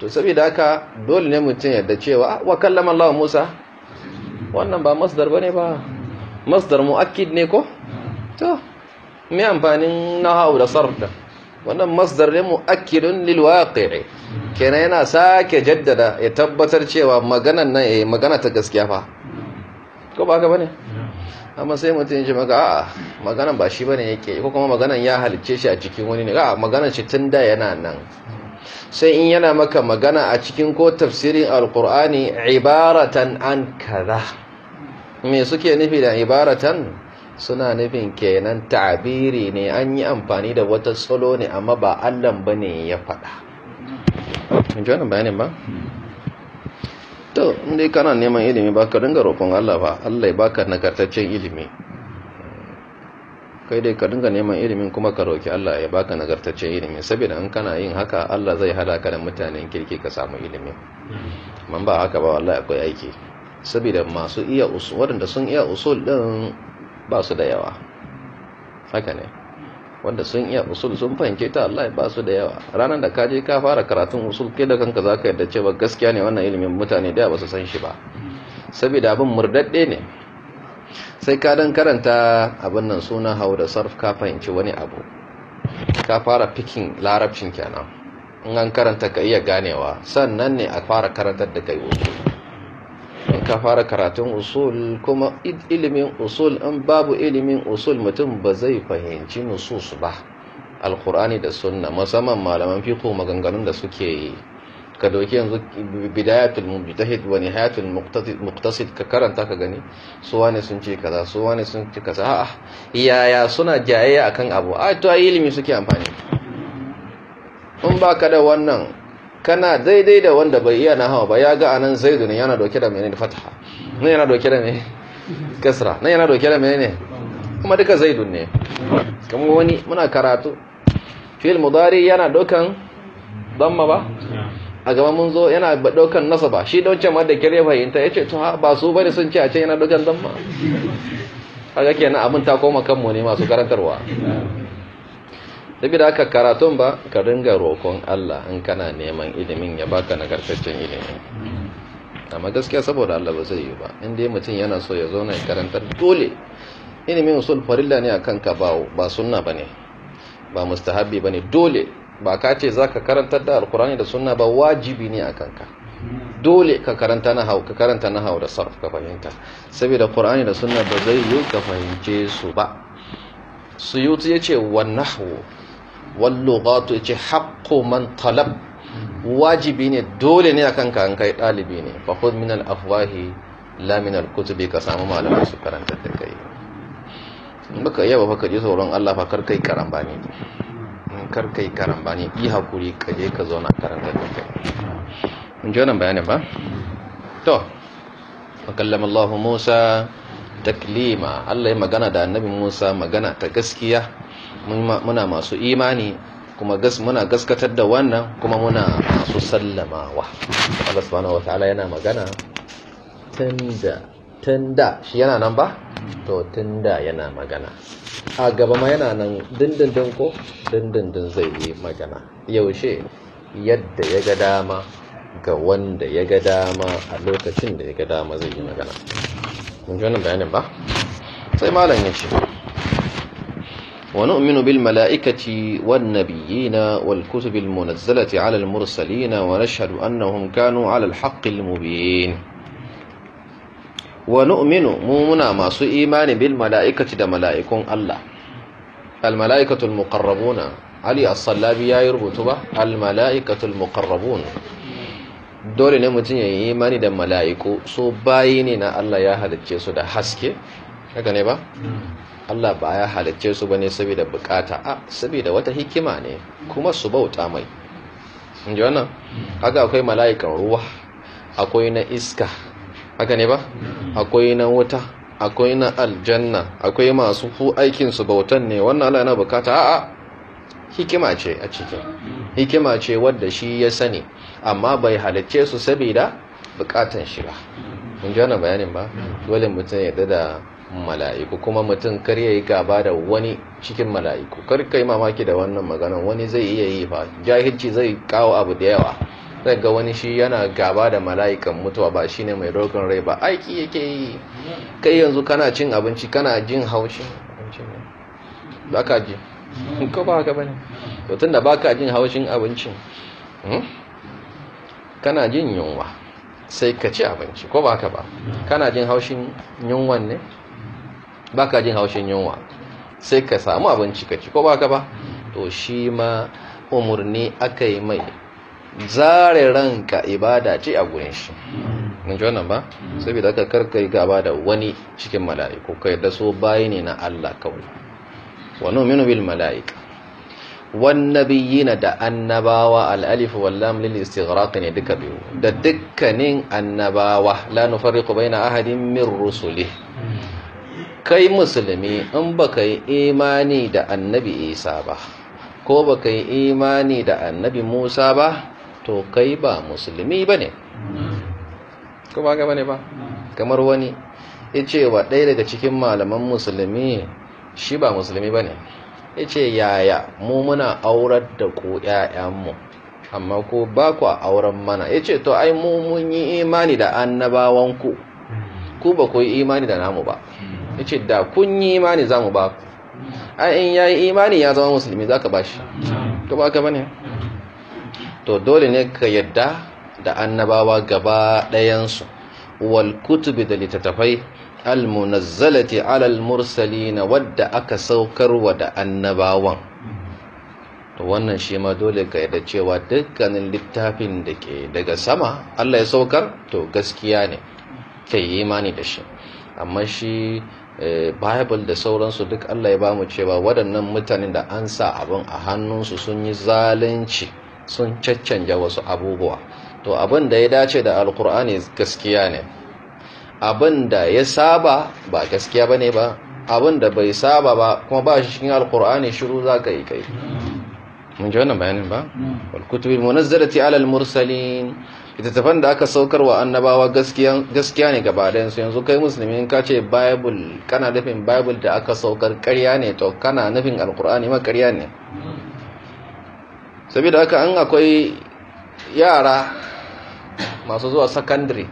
to saboda haka dole ne mutum yadda cewa ah, wa kallama Allah Musa wannan ba masdar bane ba masdar muakkid ne ko to me amfanin nahau da sarda wannan masdar ne muakkidun lil waqi'i kenan yana sake jaddada ya tabbatar cewa maganan nan eh magana ta gaskiya fa ko ba haka bane amma sai mutum ce maka a'a maganan ba shi bane yake ko kuma maganan ya halicce shi a cikin wani ne a'a maganan shi tun da yana nan sai in yana maka magana a cikin ko tafsirin alkur'ani ibaratan an kaza me suke nufi da ibaratan suna nufin kenan tabiri ne an yi amfani da wata salo ne amma ba Allah bane ya faɗa. Mun ba? to inda kana neman ilimi ba ka dinga roƙon Allah ba Allah ya baka nagartaccen ilimi kai dai ka dinga neman ilimin kuma ka roƙi Allah ya baka nagartaccen ilimi saboda in kana yin haka Allah zai hada ka da mutanen kirki ka samu ilimi man ba haka ba wallahi akwai aiki saboda masu iya usul waɗanda sun iya usul din ba su da yawa haka ne wanda sun iya usul sun fahimce ta Allah ba su da yawa ranar da ka je ka fara karatun usul kai da kanka zaka yadda cewa gaskiya ne wannan ilimin mutane da ba su san shi ba saboda abin murdadde ne sai ka dan karanta abin nan suna hau da sarf ka fahimci wani abu ka fara fikin larabcin kenan in an karanta ka iya ganewa sannan ne a fara karantar da kai usul ka fara karatun usul kuma ilimin usul in babu ilimin usul mutum ba zai fahimci nusus ba alkur'ani da sunna musamman malaman fiqh maganganun da suke ka dauki yanzu bidayatul mujtahid wa nihayatul muqtasid ka karanta ka gani su wane sun ce kaza su wane sun ce kaza a'a yaya suna jayayya akan abu ai to ilimi suke amfani in baka da wannan kana daidai da wanda bai iya hawa ba ya ga anan zaidu ne yana dauke da menene fataha ne yana dauke da me kasra ne yana dauke da menene kuma duka zaidu ne kuma wani muna karatu fil mudari yana daukan damma ba a gaban mun zo yana daukan nasaba shi don can da kire fahimta yace to ba su bane sun ce a ce yana daukan damma kaga kenan abin ta koma kanmu ne masu karantarwa duk da aka karatun ba ka ringa roƙon Allah in kana neman ilimin ya baka nagartaccen ilimin. amma gaskiya saboda Allah ba zai yi ba inda mutum yana so ya zauna ya karanta dole ilimin usul farilla ne akan ka ba ba sunna bane ba mustahabi bane dole ba ka ce zaka karanta da alkurani da sunna ba wajibi ne akan ka dole ka karanta na hau ka karanta na hau da sarf ka fahimta saboda qur'ani da sunna ba zai yi ka fahimce su ba suyuti yace wa nahwu wallugatu ce haqqu man talab wajibi ne dole ne a ka an kai dalibi ne fa min al-afwahi la kutubi ka samu malamai su karanta da kai baka yaba baka ji sauran Allah fa kar kai karambani kar kai karambani yi hakuri je ka zauna karanta da kai in ji wannan bayanin ba to makallam Allahu Musa taklima Allah ya magana da annabi Musa magana ta gaskiya muna masu imani kuma muna gaskatar da wannan kuma muna masu sallamawa Allah subhanahu wataala yana magana tunda tunda shi yana nan ba to tunda yana magana a gaba ma yana nan dindindin ko dindindin zai yi magana yaushe yadda ya ga dama ga wanda ya ga dama a lokacin da ya ga dama zai yi magana mun ji wannan bayanin ba sai malam ya ce ونؤمن بالملائكة والنبيين والكتب المنزلة على المرسلين ونشهد أنهم كانوا على الحق المبين ونؤمن مومنا ما سوء إيمان بالملائكة دا ملائك الله الملائكة المقربون علي الصلابي يا يربطوا الملائكة المقربون dole نمتن mutum دا ملائك imani الله يا هذا الجيس دا حسك Allah ya Allah ba ya halicce su bane saboda bukata a saboda wata hikima ne kuma su bauta mai in ji wannan haka akwai mala'ikan ruwa akwai na iska haka ne ba akwai na wuta akwai na aljanna akwai masu ku aikin su bautan ne wannan Allah yana bukata a hikima ce a cikin hikima ce wanda shi ya sani amma bai halicce su saboda bukatan shi ba in ji wannan bayanin ba dole mutum ya dada. mala'iku kuma mutum kar ya yi gaba da wani cikin mala'iku kar kai mamaki da wannan maganan wani zai iya yi ba, jahilci zai kawo abu da yawa zai ga wani shi yana gaba da mala'ikan mutuwa ba shi ne mai rokin rai ba aiki yake yi kai yanzu kana cin abinci kana jin haushin abinci ne ba ka ji <laughs> ko ba ka ba ne da ba ka jin haushin abincin hmm? kana jin yunwa sai ka ci abinci ko ba ka ba kana jin haushin yunwan ne baka jin haushin yunwa sai ka samu abinci ka ci ko baka ba to shi ma umurni aka yi mai zare ranka ibada ce a gurin shi mun ji wannan ba saboda aka karkai gaba da wani cikin mala'iku kai da so bayi ne na Allah kawai wa nu'minu bil mala'ika wan nabiyina da annabawa al alif wal lam lil istighraq ne duka biyu da dukkanin annabawa la nufarriqu baina ahadin min rusulihi kai musulmi in baka yi imani da annabi isa ba ko baka yi imani da annabi musa ba to kai ba musulmi ba ne kuma gaba ne ba kamar wani ya ce wa ɗaya daga cikin malaman musulmi shi ba musulmi ba ne ya ce yaya mu muna aurar da ku ƴaƴanmu amma ko ba ku auren mana ya ce to ai mu mun yi imani da annabawanku ku ba ku yi imani da namu ba ya ce da kun yi imani za mu ba ku a in ya yi imani ya zama musulmi za ka ba shi to ba ka bane to dole ne ka yadda da annabawa gaba ɗayansu wal kutubi da littattafai almunazzalati alal na wadda aka saukarwa da annabawan to wannan shi ma dole ka yadda cewa dukkanin littafin da ke daga sama Allah ya saukar to gaskiya ne yi imani da shi amma shi Eh, bible da sauransu duk allah ya ba mu cewa waɗannan mutanen da an sa abin a hannunsu sun yi zalunci sun caccanja wasu abubuwa to abin da ya dace da alkur'ani gaskiya ne abin da ya saba ba gaskiya ba ne ba abin da bai saba ba kuma ba shi cikin alkur'ani shiru za ka yi kai mun ji wannan bayanin ba mm. walkutubi munazzalati alal mursalin littattafan da aka saukar wa annabawa gaskiya ne gaba su yanzu kai musulmi ka ce bible kana nufin bible da aka saukar karya ne to kana nufin alkur'ani ma karya ne saboda haka an akwai yara masu zuwa secondary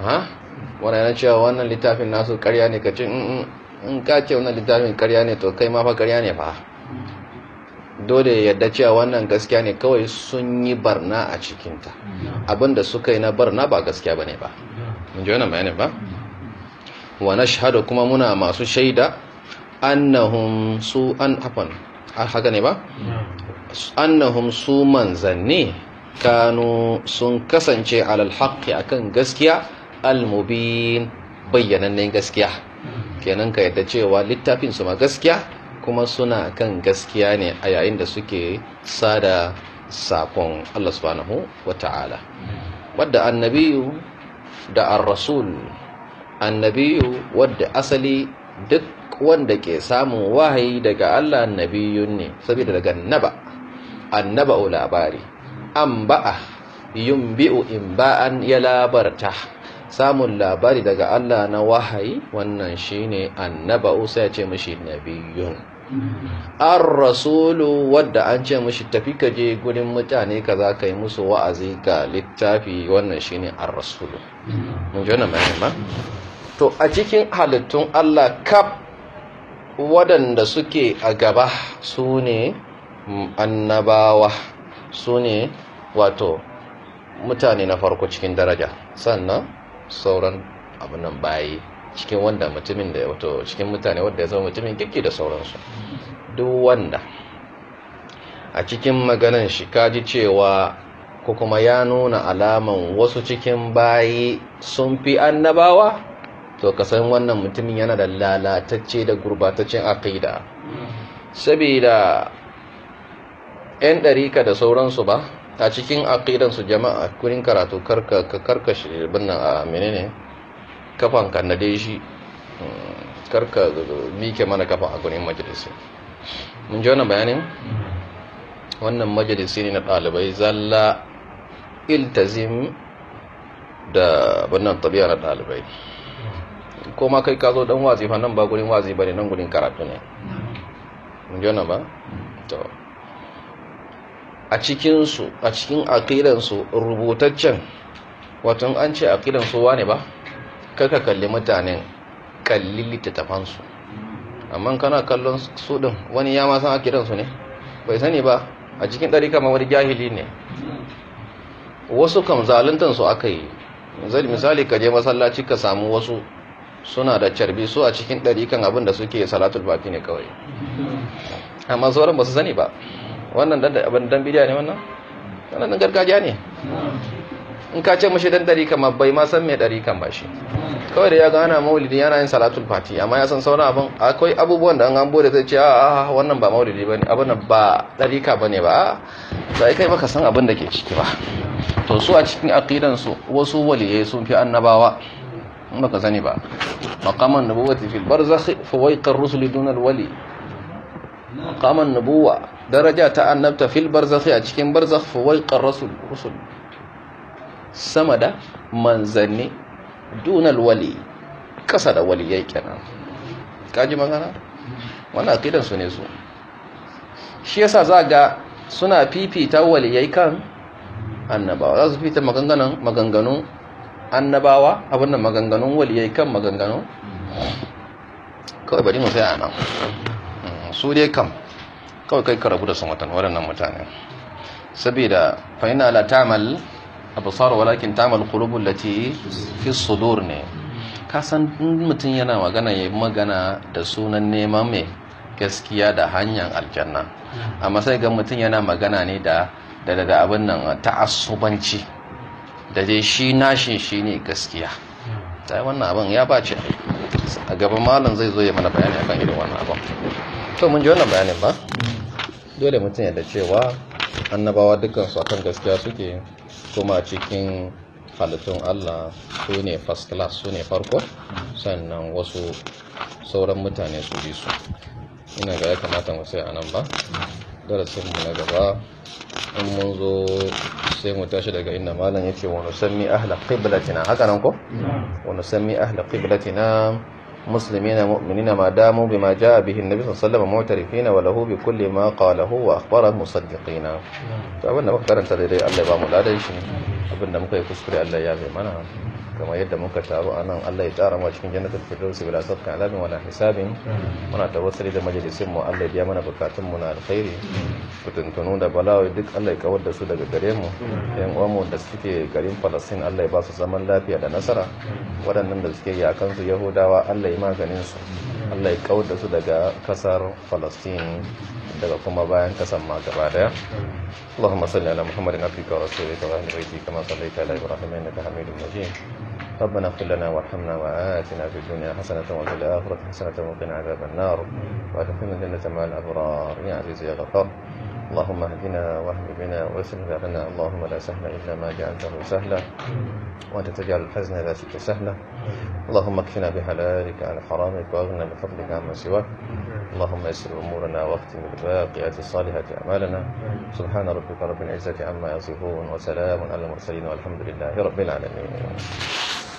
ha wani yana cewa wannan littafin nasu karya ne ka ce mm, mm, in ka ce wannan littafin karya ne to kai ma fa karya ne fa dole ya cewa wannan gaskiya ne kawai sun yi barna a cikinta abinda suka yi na barna ba gaskiya ba ne ba mun ji wannan ba wa shahada kuma muna masu shaida annahum su an afan haka ne ba annahum su manzanni kanu sun kasance alal a akan gaskiya almubin bayyanannen gaskiya kenan ka yadda cewa littafin su ma gaskiya kuma suna kan gaskiya ne a yayin da suke sada sakon Allah subhanahu ta'ala wadda annabiyu da ar-rasul annabiyu wadda asali duk wanda ke samun wahayi daga Allah annabiyun ne saboda daga naba annaba labari an ba'a yumbi'u imba'an ya labarta samun labari daga Allah na wahayi wannan shine annaba'u sai ya ce mishi nabiyun
An
rasulu wadda an ce mishi tafi ka je gurin mutane ka yi musu wa'azi ga littafi wannan ne ar-rasulu mun ji to a cikin halittun Allah kaf waɗanda suke a gaba su ne annabawa su ne wato mutane na farko cikin daraja sannan sauran abinan bayi cikin wanda mutumin da wato cikin mutane wanda ya zama mutumin kike da sauransu duk wanda a cikin maganan shi ji cewa ko kuma ya nuna alaman wasu cikin bayi sun fi annabawa to kasan wannan mutumin yana da lalatacce da gurbataccen aqida saboda yan ɗarika da sauransu ba a cikin aqidansu jama'a kurin karatu karka karkashi nan a menene kafan ka nade shi mm, karka mike mana kafa a gurin majalisi mun ji wani bayanin wannan majalisi ne na ɗalibai zalla iltazim da wannan tabiya na ɗalibai ko ma kai ka zo dan wazi fa nan ba gurin wazi ne nan gurin karatu ne mun ji wani ba to a cikin su a cikin aqidan rubutaccen watan an ce aqidan wa wane ba kaka kalli mutanen kalli littattafansu amma kana kallon su din wani ya ma san su ne bai sani ba a cikin dari kamar wani jahili ne wasu kam su aka yi misali ka je masallaci ka samu wasu suna da carbi su a cikin dari kan abin da suke salatul baki ne kawai amma sauran ba su sani ba wannan abin dan bidiya ne wannan wannan gargajiya ne in ka ce mashi dan dari kan ma bai ma san me dari kan ba shi kawai da ya ga ana maulidi yana yin salatul fati amma ya san sauran abin akwai abubuwan da an gambo da zai ce a ah, ah, ah, wannan ba maulidi ba ne abin ba ɗarika ba ne ba sai kai baka san abin da ke ciki ba to su a cikin aqidansu wasu waliyai sun fi annabawa baka sani ba maqaman nubuwati fil barzakh fawaiqar rusuli dun al wali maqaman nubuwa daraja ta annabta fil barzakh a cikin barzakh fawaiqar rusul rusul sama da manzanni dunal wali kasa da wali ya waliyai kenan kaji magana wannan akidan su ne su shi yasa za ga suna fifita wali ya yi kan annabawa za su fita maganganun maganganun annabawa abin da maganganun yi kan maganganun kawai bari mu sai a nan su dai kam kawai kai karabu da da watan waɗannan mutane saboda fainala ta ta'mal absar walakin ta'mal qulubul lati fi sudur ne kasan mutum yana magana ya magana da sunan neman mai gaskiya da hanyar aljanna amma sai ga mutum yana magana ne da da abin nan ta'assubanci da dai shi nashi shi ne gaskiya sai wannan abin ya bace a gaban malam zai zo ya mana bayani akan irin wannan abin to mun ji wannan bayanin ba dole mutum ya da cewa annabawa dukkan su akan gaskiya suke kuma cikin halittun Allah su ne first class su ne farko sannan wasu sauran mutane su bi su ina ga ya kamata mu sai anan ba darasin mu na gaba in mun zo sai mu tashi daga inda malam yake wani sami ahla qiblatina haka nan ko wani nusammi ahla qiblatina مسلمين مؤمنين ما داموا بما جاء به النبي صلى الله عليه وسلم معترفين وله بكل ما قاله وأخبره مصدقين فأولنا وقت كانت لدي الله يبارك abinda muka yi kuskure Allah ya mai mana kamar yadda muka taru a nan Allah ya tsara mu cikin jannatul firdaus bila kan alamin wala hisabin muna tawassuli da majalisin mu Allah ya biya mana bukatun mu na alkhairi kutuntunu da balawai duk Allah ya kawar da su daga gare mu yan uwan mu da suke garin Palestine Allah ya ba su zaman lafiya da nasara waɗannan da suke ya su Yahudawa Allah ya maganin su Allah ya kawar da su daga kasar Palestine daga kuma bayan kasan ma gaba daya Allahumma salli ala Muhammadin wa rasulika كما صليت على إبراهيم إنك حميد مجيد ربنا اغفر لنا وارحمنا وآتنا في الدنيا حسنة وفي الآخرة حسنة وقنا عذاب النار وأدخلنا الجنة مع الأبرار يا عزيز يا غفار اللهم اهدنا واهد بنا واسلم لنا اللهم لا سهل إلا ما جعلته سهلا وأنت تجعل الحزن إذا شئت سهلا اللهم اكفنا بحلالك عن حرامك واغنى بفضلك عما سواك اللهم يسر أمورنا واختم بالباقيات الصالحات أعمالنا سبحان ربك رب العزة عما يصفون وسلام على المرسلين والحمد لله رب العالمين